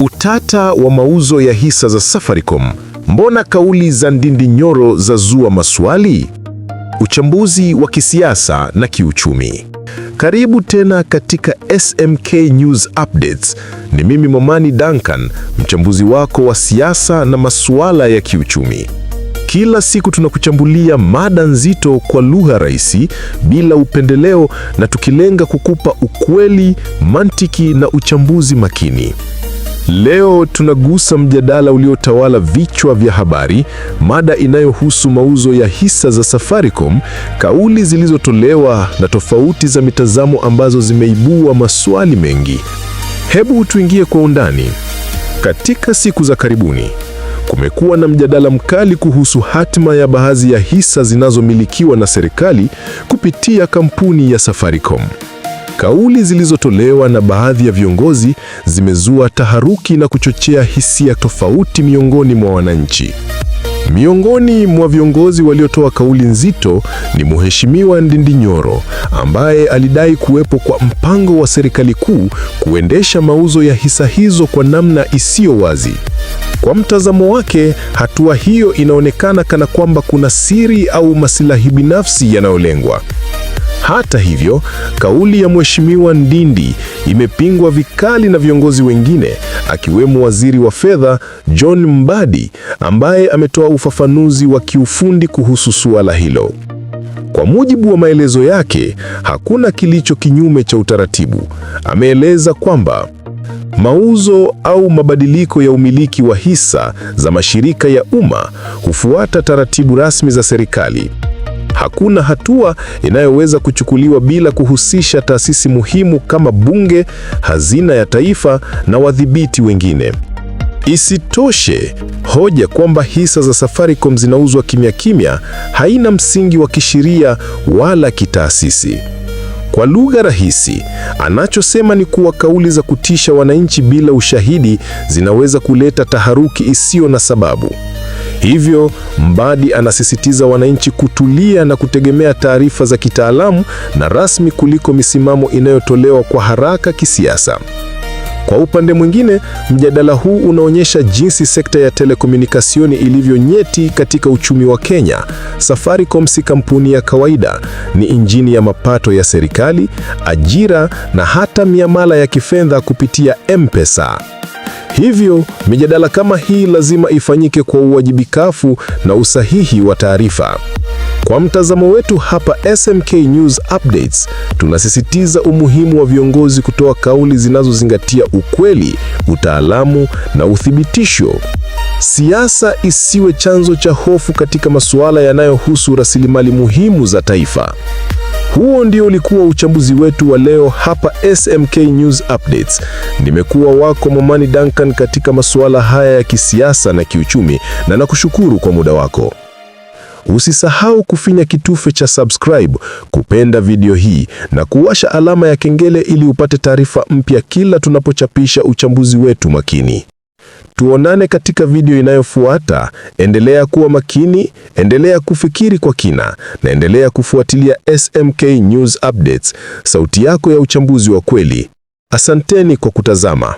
Utata wa mauzo ya hisa za Safaricom, mbona kauli za ndindi nyoro za zua maswali? Uchambuzi wa kisiasa na kiuchumi. Karibu tena katika SMK News Updates. Ni mimi Momani Duncan, mchambuzi wako wa siasa na masuala ya kiuchumi. Kila siku tunakuchambulia mada nzito kwa lugha rahisi, bila upendeleo, na tukilenga kukupa ukweli, mantiki na uchambuzi makini. Leo tunagusa mjadala uliotawala vichwa vya habari, mada inayohusu mauzo ya hisa za Safaricom, kauli zilizotolewa na tofauti za mitazamo ambazo zimeibua maswali mengi. Hebu tuingie kwa undani. Katika siku za karibuni kumekuwa na mjadala mkali kuhusu hatima ya baadhi ya hisa zinazomilikiwa na serikali kupitia kampuni ya Safaricom. Kauli zilizotolewa na baadhi ya viongozi zimezua taharuki na kuchochea hisia tofauti miongoni mwa wananchi. Miongoni mwa viongozi waliotoa kauli nzito ni Mheshimiwa nyoro ambaye alidai kuwepo kwa mpango wa serikali kuu kuendesha mauzo ya hisa hizo kwa namna isiyo wazi. Kwa mtazamo wake, hatua hiyo inaonekana kana kwamba kuna siri au masilahi binafsi yanayolengwa. Hata hivyo, kauli ya Mheshimiwa Ndindi imepingwa vikali na viongozi wengine akiwemo Waziri wa Fedha John Mbadi ambaye ametoa ufafanuzi wa kiufundi kuhusu suala hilo. Kwa mujibu wa maelezo yake, hakuna kilicho kinyume cha utaratibu. Ameeleza kwamba mauzo au mabadiliko ya umiliki wa hisa za mashirika ya umma hufuata taratibu rasmi za serikali. Hakuna hatua inayoweza kuchukuliwa bila kuhusisha taasisi muhimu kama bunge, hazina ya taifa na wadhibiti wengine. Isitoshe, hoja kwamba hisa za Safaricom zinauzwa kimya kimya haina msingi wa kisheria wala kitaasisi. Kwa lugha rahisi, anachosema ni kuwa kauli za kutisha wananchi bila ushahidi zinaweza kuleta taharuki isiyo na sababu. Hivyo Mbadi anasisitiza wananchi kutulia na kutegemea taarifa za kitaalamu na rasmi kuliko misimamo inayotolewa kwa haraka kisiasa. Kwa upande mwingine, mjadala huu unaonyesha jinsi sekta ya telekomunikasioni ilivyo nyeti katika uchumi wa Kenya. Safaricom si kampuni ya kawaida, ni injini ya mapato ya serikali, ajira na hata miamala ya kifedha kupitia M-Pesa. Hivyo mijadala kama hii lazima ifanyike kwa uwajibikafu na usahihi wa taarifa. Kwa mtazamo wetu hapa SMK News Updates, tunasisitiza umuhimu wa viongozi kutoa kauli zinazozingatia ukweli, utaalamu na uthibitisho. Siasa isiwe chanzo cha hofu katika masuala yanayohusu rasilimali muhimu za taifa. Huo ndio ulikuwa uchambuzi wetu wa leo hapa SMK News Updates. Nimekuwa wako Momani Duncan katika masuala haya ya kisiasa na kiuchumi, na nakushukuru kwa muda wako. Usisahau kufinya kitufe cha subscribe, kupenda video hii na kuwasha alama ya kengele ili upate taarifa mpya kila tunapochapisha uchambuzi wetu makini. Tuonane katika video inayofuata. Endelea kuwa makini, endelea kufikiri kwa kina na endelea kufuatilia SMK News Updates, sauti yako ya uchambuzi wa kweli. Asanteni kwa kutazama.